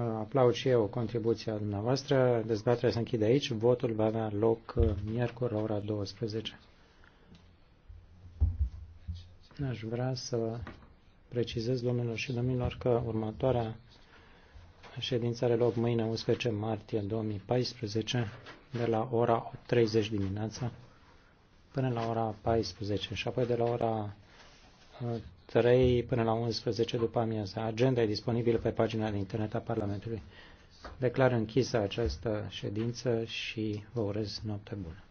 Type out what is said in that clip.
aplaud și eu contribuția dumneavoastră. Dezbaterea se închide aici. Votul va avea loc uh, miercuri la ora 12. Aș vrea să precizez, domnilor și domnilor, că următoarea ședință are loc mâine, 11 martie 2014, de la ora 30 dimineața până la ora 14 și apoi de la ora 3 până la 11 după amiază. Agenda e disponibilă pe pagina de internet a Parlamentului. Declar închisă această ședință și vă urez noapte bună.